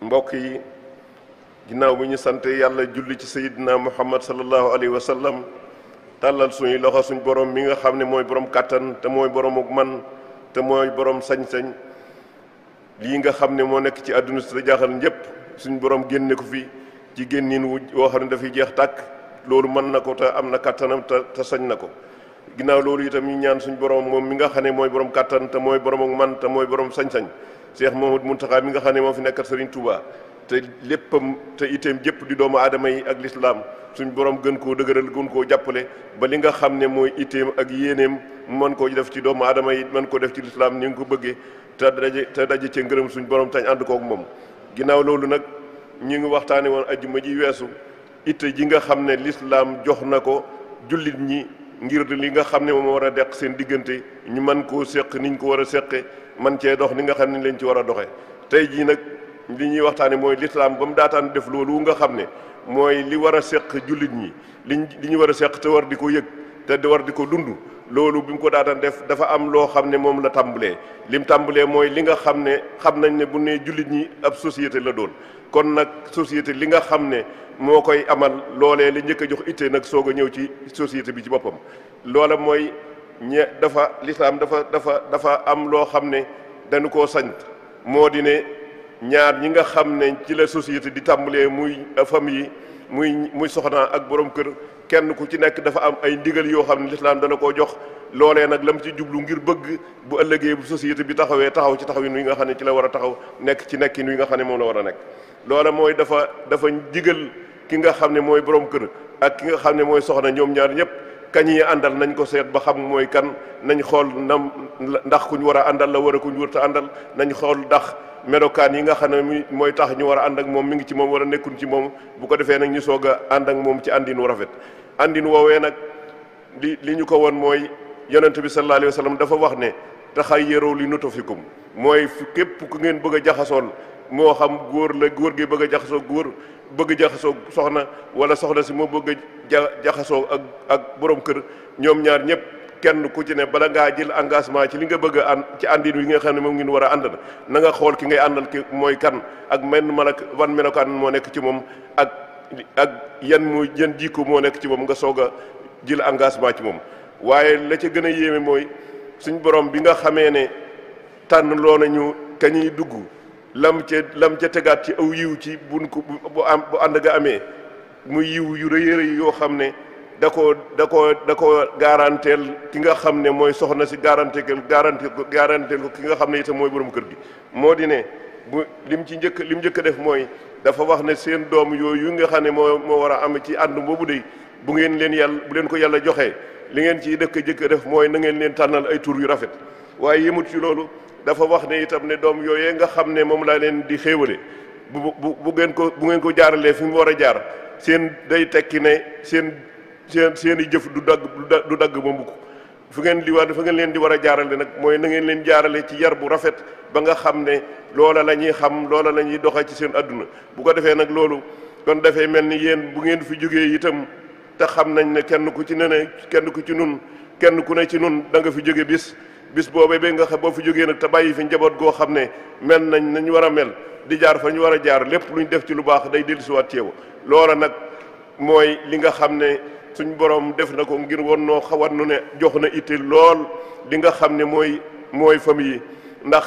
mbokk yi ginnaaw bi ñu santee yàlla julli ci sayidina muhammad sallallahu alayhi wa sallam tàllal suñuy loxo suñu borom mi nga xam ne mooy borom kàttan te mooy borom man te mooy borom sañ-sañ lii nga xam ne moo nekk ci àdduna si jaaxal ñëpp suñ borom génne ko fi ci génnin wu woo xam ne dafay jeex tàkk loolu mën na ko te am na kàttanam te te sañ na ko ginnaaw loolu itam ñu ñaan suñ borom moom mi nga xam ne mooy borom kàttan te mooy borom ak man te mooy borom sañ-sañ Cheikh Mouhamadou Mountakha mi nga xam ne moo fi nekkat Serigne Touba te léppam te itam jëpp di doomu aadama yi ak lislaam suñ borom gën koo dëgëral gën koo jàppale ba li nga xam ne mooy iteem ak yéeneem mën koo def ci doomu aadama yi mën koo def ci lislaam ni nga ko bëggee te daje te daje ca ngërëm suñ borom tañ ànd kook moom ginnaaw loolu nag ñu ngi waxtaane woon ajjuma ji weesu ite ji nga xam ne lislaam jox na ko jullit ñi ngir li nga xam ne moom war a deq seen diggante ñu mën koo seq niñ ko war a seqe man cee dox ni nga xam ne lañ ci war a doxee tey jii nag li ñuy waxtaanee mooy lislaam ba mu daataan def loolu nga xam ne mooy li war seq jullit ñi liñ li ñu war a seq te war di ko te di war di ko dund loolu bi mu ko daataan def dafa am loo xam ne moom la tàmbalee lim tàmbalee mooy li nga xam ne xam nañ ne bu nee jullit ñi ab société la doon kon nag société li nga xam ne moo koy amal loolee li njëkk a jox itte nag soog a ñëw ci société bi ci boppam loola mooy. ñe dafa lislaam dafa dafa dafa am loo xam ne dañu koo sañ moo di ne ñaar ñi nga xam ne ci la société di tàmbalee muy famille yi muy muy soxna ak borom kër kenn ku ci nekk dafa am ay ndigal yoo xam ne lislaam dana koo jox loolee nag lam ci jublu ngir bëgg bu ëllëgee bu société bi taxawee taxaw ci taxawin wi nga xam ne ci la war a taxaw nekk ci nekkin wi nga xam ne moom la war a nekk loola mooy dafa dafa ndigal ki nga xam ne mooy borom kër ak ki nga xam ne mooy soxna ñoom ñaar ñëpp kañ yi àndal nañ ko seet ba xam mooy kan nañ xool nam ndax kuñ war a àndal la war a kuñ warta àndal nañ xool ndax melokaan yi nga xam ne mooy tax ñu war a ànd ak moom mi ngi ci moom war a ci moom bu ko defee nag ñu soog a ànd moom ci àndin wa rafet àndin woowee nag li li ñu ko woon mooy yonent bi sallallahu alayhi wa sallam dafa wax ne taxayyaru li nutafikum mooy képp ku ngeen bëgg a jaxasoon moo xam góor la góor gi bëgg a jaxasoo góor bëgg jaxasoo soxna wala soxna si moo bëgg ja jaxasoo ak ak borom kër ñoom ñaar ñëpp kenn ku ci ne bala ngaa jël engagement ci li nga bëgg a ci àndin wi nga xam ne moom ngeen war a àndal na nga xool ki ngay àndal ki mooy kan ak menn man ak wan melokaan moo nekk ci moom ak ak yan mu yan jikko moo nekk ci moom nga soog a jël engagement ci moom waaye la ci gën a yéeme mooy suñ borom bi nga xamee ne tànn loo nañu kañuy dugg lam ca lam ca tegaat ci aw yiw ci bun ko bu am bu ànd ga amee muy yiw yu rëy rëy yoo xam ne da ko da ko da ko garanteel ki nga xam ne mooy soxna si garanté ko garanté ko garanteel ko ki nga xam ne itam mooy borom kër gi moo di ne bu lim ci njëkk lim njëkk def mooy dafa wax ne seen doom yooyu nga xam ne moo moo war a am ci ànd boobu de bu ngeen leen yàlla bu leen ko yàlla joxee li ngeen ci dëkk jëkk def mooy na ngeen leen tànnal ay tur yu rafet waaye yemut ci loolu dafa wax ne itam ne doom yooyee nga xam ne moom laa leen di xéewale bu bu bu ngeen ko bu ngeen ko jaaralee fu mu war a jaar seen day tekki ne seen seen seen i jëf du dagg du dagg ba mbukk fu ngeen di war fa ngeen leen di war a jaarale nag mooy na ngeen leen jaarale ci yar bu rafet ba nga xam ne loola la ñuy xam loola la ñuy doxee ci seen adduna bu ko defee nag loolu kon dafay mel ni yéen bu ngeen fi jógee itam te xam nañ ne kenn ku ci ne kenn ku ci nun kenn ku ne ci nun da nga fi jóge bis bis boobee ba nga xam boo fi jógee nag te bàyyi fi njaboot goo xam ne mel nañ nañ war a mel di jaar fa ñu war a jaar lépp luñ def ci lu baax day dellusiwaat ci yow loola nag mooy li nga xam ne suñ borom def na ko ngir won noo xawat nu ne jox na itte lool li nga xam ne mooy mooy famille yi ndax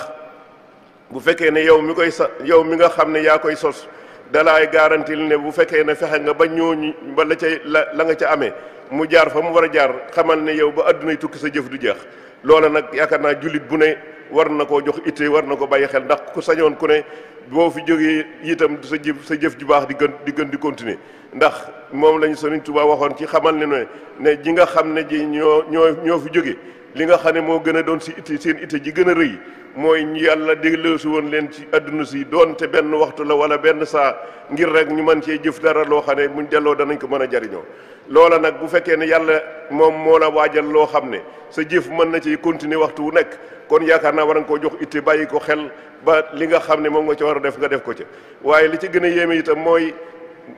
bu fekkee ne yow mi koy sa yow mi nga xam ne yaa koy sos dalaay garanti ne bu fekkee ne fexe nga ba ñu ba la cay la la nga ca amee mu jaar fa mu war a jaar xamal ne yow ba àddunay tukki sa jëf du jeex loola nag yaakaar naa jullit bu ne war na koo jox itte war na ko bàyyi xel ndax ku sañoon ku ne boo fi jógee itam sa jëf sa jëf ju baax di gën di gën di continuer ndax moom lañu Sëriñ Tuubaa waxoon ci xamal ne ne ne ji nga xam ne ji ñoo ñoo ñoo fi jóge li nga xam ne moo gën a doon si itte seen itte ji gën a rëy mooy ñu yàlla dégleesu woon leen ci àdduna si doonte benn waxtu la wala benn saa ngir rek ñu mën cee jëf dara loo xam ne buñ delloo danañ ko mën a jariñoo loola nag bu fekkee ne yàlla moom moo la waajal loo xam ne sa jëf mën na ci continuer waxtu wu nekk kon yaakaar naa war nga koo jox itte bàyyi ko xel ba li nga xam ne moom nga ci war a def nga def ko ci waaye li ci gën a yéeme itam mooy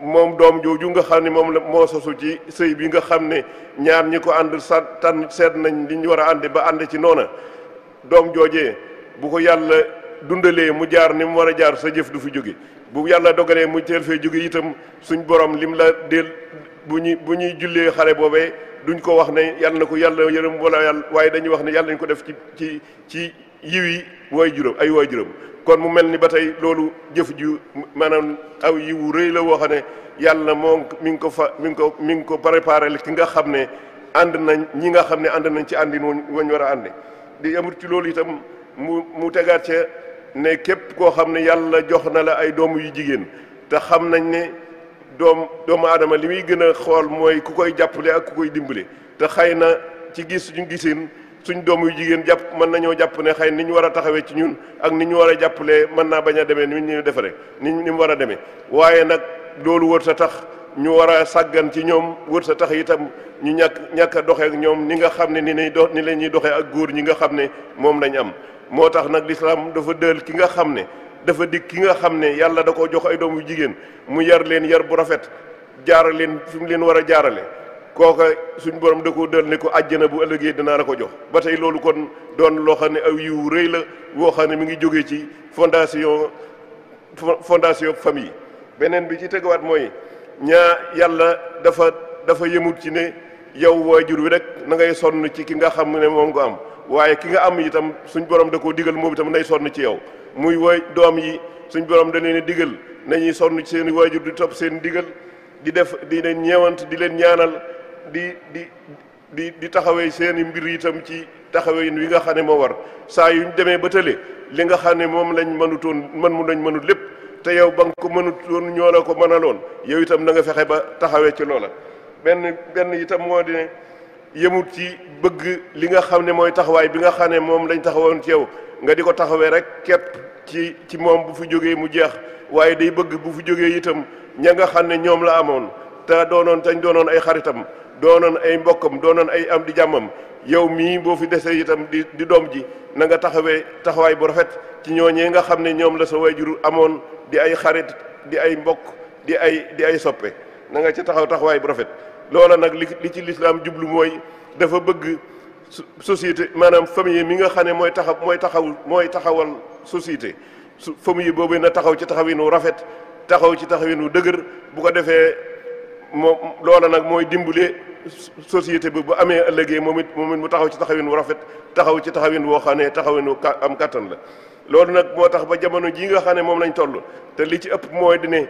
moom doom jooju nga xam ne moom la moo sosu ci sëy bi nga xam ne ñaar ñi ko ànd sa tànn seet nañ li ñu war a ànd ba ànd ci noona doom joojee bu ko yàlla dundalee mu jaar ni mu war a jaar sa jëf du fi jóge bu yàlla dogalee mu teel fee jóge itam suñ borom lim la del bu ñu bu ñuy jullee xale boobee duñ ko wax ne yàlla na ko yàlla yërëm wala yàlla waaye dañuy wax ne yàlla ko def ci ci ci yiw yi juróom ay waay juróom kon mu mel ni ba tey loolu jëf ju aw yiwu rëy la woo xam ne yàlla moo mi ngi ko fa mi ngi ko mi ngi ko préparé ki nga xam ne ànd nañ ñi nga xam ne ànd nañ ci àndin wañ war a ànde di amul ci loolu itam mu mu tegaat ne képp koo xam ne yàlla jox na la ay doom yu jigéen te xam nañ ne doom doomu aadama li muy gën a xool mooy ku koy jàppale ak ku koy dimbale te xay na ci gis suñu gisin suñ doom yu jigéen jàpp mën nañoo jàpp ne xëy ni ñu war a taxawee ci ñun ak ni ñu war a jàppalee mën naa bañ a demee ni ñu defaree ni ñu mu war a demee waaye nag loolu wër sa tax ñu war a sàggan ci ñoom wër sa tax itam ñu ñàkk ñàkk a doxee ak ñoom ni nga xam ne ni lay dox ni la ñuy doxee ak góor ñi nga xam ne moom lañ am moo tax nag lislaam dafa dël ki nga xam ne dafa dikk ki nga xam ne yàlla da ko jox ay doomu jigéen mu yar leen yar bu rafet jaara leen fi leen war a jaarale kooka suñ borom da koo dël ne ko àjjana bu ëllëgee dinaa la ko jox ba tey loolu kon doon loo xam ne aw yiw rëy la woo xam ne mi ngi jógee ci fondation fondation famille beneen bi ci tegawaat mooy ñaa yàlla dafa dafa yëmut ci ne yow waajur wi rek na ngay sonn ci ki nga xam ne moom ko am waaye ki nga am itam suñ borom da koo digal moom itam nay sonn ci yow muy way doom yi suñ borom da leen digal nañuy sonn ci seen waajur di topp seen digal di def di leen ñeewant di leen ñaanal di di di di taxawee seen i mbir itam ci taxawee wi nga xam ne moo war saa yu yuñ demee ba tële li nga xam ne moom lañ mënutoon man mu lañ mënut lépp te yow ba nga ko mënutoon ñoo la ko mënaloon yow itam na nga fexe ba taxawee ci loola benn benn itam moo di yemut ci bëgg li nga xam ne mooy taxawaay bi nga xam ne moom lañ taxawoon ci yow nga di ko taxawee rek képp ci ci moom bu fi jógee mu jeex waaye day bëgg bu fi jógee itam ña nga xam ne ñoom la amoon te doonoon tañ doonoon ay xaritam doonoon ay mbokkam doonoon ay am di jàmmam yow mii boo fi desee itam di di doom ji na nga taxawee taxawaay bu rafet ci ñooñee nga xam ne ñoom la sa waajur amoon di ay xarit di ay mbokk di ay di ay soppe na nga ci taxaw taxawaay bu rafet loola nag li li ci lislaam jublu mooy dafa bëgg société maanaam famille mi nga xam ne mooy taxaw mooy taxaw mooy taxawal société su famille boobu na taxaw ci taxawin wu rafet taxaw ci taxawin wu dëgër bu ko defee moom loola nag mooy dimbale société bi bu amee ëllëgee moom it moom it mu taxaw ci taxawin wu rafet taxaw ci taxawin woo xam ne taxawin wu am kattan la loolu nag moo tax ba jamono jii nga xam ne moom lañ toll te li ci ëpp mooy di ne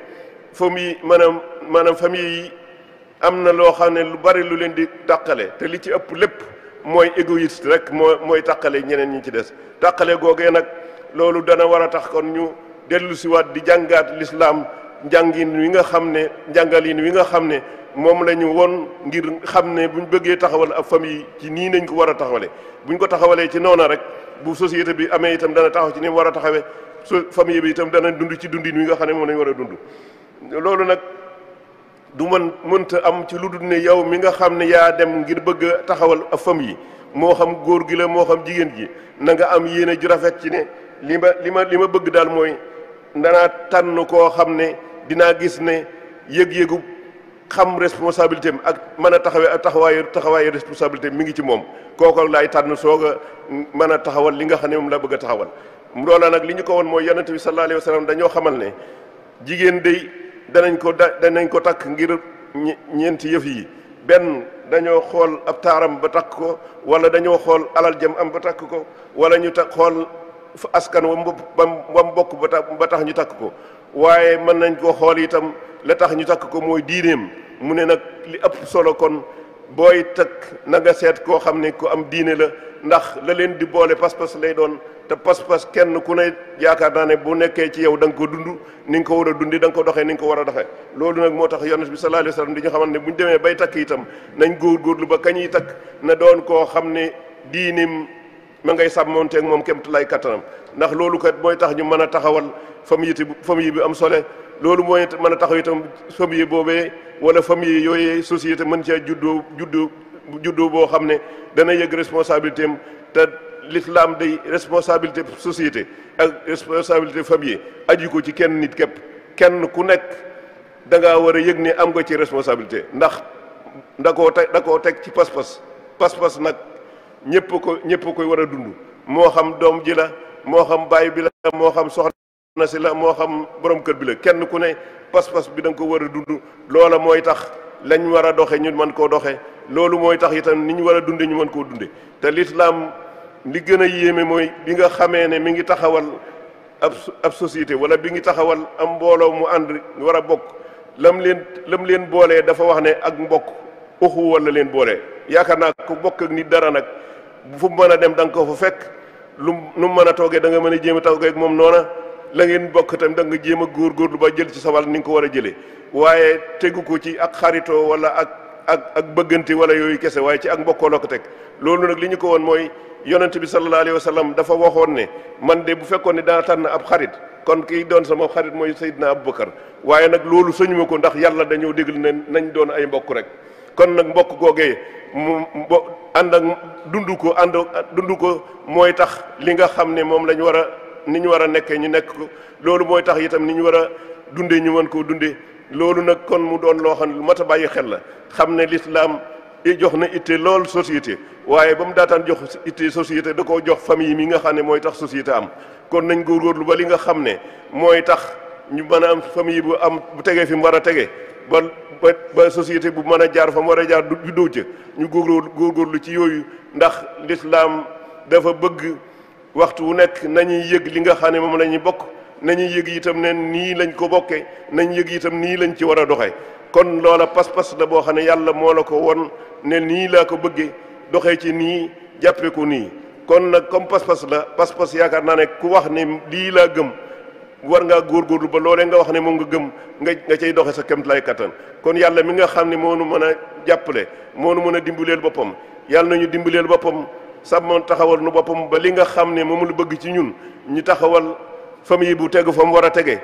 famille maanaam maanaam famille yi am na loo xam ne lu bari lu leen di tàqale te li ci ëpp lépp mooy égoïste rek moo mooy tàqale ñeneen ñi ci des tàqale googee nag loolu dana war a tax kon ñu dellu siwaat di jàngaat lislaam njàngin wi nga xam ne njàngalin wi nga xam ne moom la ñu woon ngir xam ne bu ñu bëggee taxawal ab famille ci nii nañ ko war a bu buñ ko taxawalee ci noona rek bu société bi amee itam dana taxaw ci ni mu war a taxawee su famille bi itam dana dund ci dundin wi nga xam ne moom la war a dund loolu nag du mën mënta am ci lu dul ne yow mi nga xam ne yaa dem ngir bëgg a taxawal a fam yi moo xam góor gi la moo xam jigéen gi na nga am yéene ju rafet ci ne li ma li ma li ma bëgg daal mooy danaa tànn koo xam ne dinaa gis ne yëg-yëgu xam responsabilité am ak man a taxawee ak taxawaayu taxawaayu responsabilité mi ngi ci moom kooko lay tànn soog a mën a taxawal li nga xam ne moom laa bëgg a taxawal loola nag li ñu ko woon mooy yonent bi sallallahu alayhi wa sallam dañoo xamal ne jigéen danañ ko danañ ko takk ngir ñeenti yëf yi benn dañoo xool ab taaram ba takk ko wala dañoo xool alal jëm am ba takk ko wala ñu takk xool askan wa ba mbokk ba tax ñu takk ko waaye mën nañ koo xool itam la tax ñu takk ko mooy diineem mu ne nag li ëpp solo kon booy takk na nga seet koo xam ne ku am diine la ndax la leen di boole pas-pas lay doon te pas-pas kenn ku ne yaakaar naa ne bu nekkee ci yow da nga ko dund ni nga ko war a dundi da ko doxee ni nga ko war a doxee loolu nag moo tax yonent bi sallallahu alayhi wasallam di ñu xamante ne bu ñu demee bay takk itam nañ góorgóorlu ba kañuy takk na doon koo xam ne diinim ma ngay sàmmonteeg moom kéem lay kattanam ndax loolu kat mooy tax ñu mën a taxawal famille ti famille bi am sole loolu mooy mën a taxaw itam famille boobee wala famille yooyee société mën caa juddoo juddu juddoo boo xam ne dana yëg responsabilité am te l'islam day responsabilité société ak responsabilité famille aju ko ci kenn nit képp kenn ku nekk da ngaa war a yëg ne am nga ci responsabilité ndax da koo teg da teg ci pas-pas pas-pas nag ñëpp ko ñëpp koy war a dund moo xam doom ji la moo xam baay bi la moo xam soxna si la moo xam borom kër bi la kenn ku ne pas-pas bi da nga ko war a dund loola mooy tax lañ war a doxe ñu mën koo doxe loolu mooy tax itam ni ñu war a dunde ñu mën koo dunde te lislaam li gën a yéeme mooy bi nga xamee ne mi ngi taxawal ab ab société wala bi ngi taxawal am mbooloo mu ànd war a bokk lam leen lam leen boolee dafa wax ne ak mbokk uxuwa la leen boolee yaakaar naa ku bokk ak nit dara nag bu fu mën a dem da nga ko fa fekk lu nu mën a toogee da nga mën a jéem a toogee ak moom noona la ngeen bokk tam da nga jéem a góorgóorlu ba jël ci sa wàll ko war a jëlee waaye tegu ko ci ak xaritoo wala ak ak ak bëggante wala yooyu kese waaye ci ak mbokkoo la ko teg loolu nag li ñu ko woon mooy yonent bi sallallahu alayhi wa sallam dafa waxoon ne man de bu fekkoon ne daa tànn ab xarit kon kiy doon sama xarit mooy seyd Seydina Aboubacar waaye nag loolu sëñu ma ko ndax yàlla dañoo déglu ne nañ doon ay mbokk rek kon nag mbokk googee mu mbo ànd ak dund ko ànd dund ko mooy tax li nga xam ne moom la ñu war a ni ñu war a nekkee ñu nekk ko loolu mooy tax itam ni ñu war a dundee ñu mën koo dundee loolu nag kon mu doon loo xam ne lu mat a bàyyi xel la xam ne lislaam i jox na it lool société waaye ba mu daataan jox itte société da koo jox famille mi nga xam ne mooy tax société am kon nañ góorgóorlu ba li nga xam ne mooy tax ñu mën a am famille bu am bu tegee fi mu war a tege ba ba société bu mën a jaar fa war a jaar du juddoo ca ñu góorgóorlu góorgóorlu ci yooyu ndax lislaam dafa bëgg waxtu wu nekk nañuy yëg li nga xam ne moom la ñuy bokk nañuy yëg itam ne nii lañ ko bokkee nañ yëg itam nii lañ ci war a doxee kon loola pas-pas la boo xam ne yàlla moo la ko won ne nii laa ko bëggee doxee ci nii jàppee ko nii kon nag comme pas-pas la pas-pas yaakaar naa ne ku wax ne lii laa gëm war ngaa góor góorgóorlu ba loolee nga wax ne moom nga gëm nga nga cay doxee sa kéemtalaay kattan kon yàlla mi nga xam ne moo nu mën a jàppale moo nu mën a dimbaleel boppam yàlla nañu dimbaleel boppam sàmm taxawal nu boppam ba li nga xam ne moom lu bëgg ci ñun ñu taxawal famille bu tegu fa mu war a tege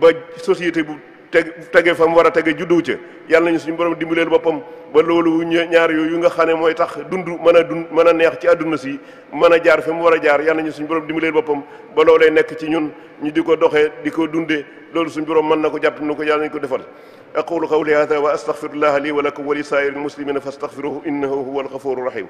ba société bu. teg tege fa mu war a tege juddu ca yàlla nañu suñu borom dimbaleel boppam ba loolu ñaar yooyu nga xam ne mooy tax dund mën a dund mën a neex ci àdduna si mën a jaar fa mu war a jaar yàlla ñu suñu borom dimbaleel boppam ba loolee nekk ci ñun ñu di ko doxee di ko dundee loolu suñu borom mën na ko jàpp na ko yàlla nañu ko defal أقول قولي هذا وأستغفر الله لي ولكم ولسائر المسلمين فاستغفروه إنه هو الغفور الرحيم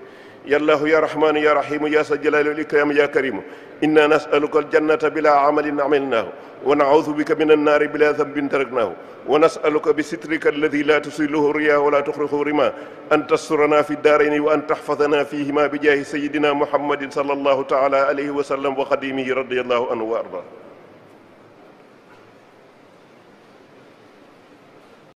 يا الله يا رحمن يا رحيم يا سجلال الإكرام يا كريم إنا نسألك الجنة بلا عمل عملناه ونعوذ بك من النار بلا ذنب تركناه ونسألك بسترك الذي لا تسيله رياء ولا تخرجه رما أن تسترنا في الدارين وأن تحفظنا فيهما بجاه سيدنا محمد صلى الله تعالى عليه وسلم وخديمه رضي الله عنه وأرضاه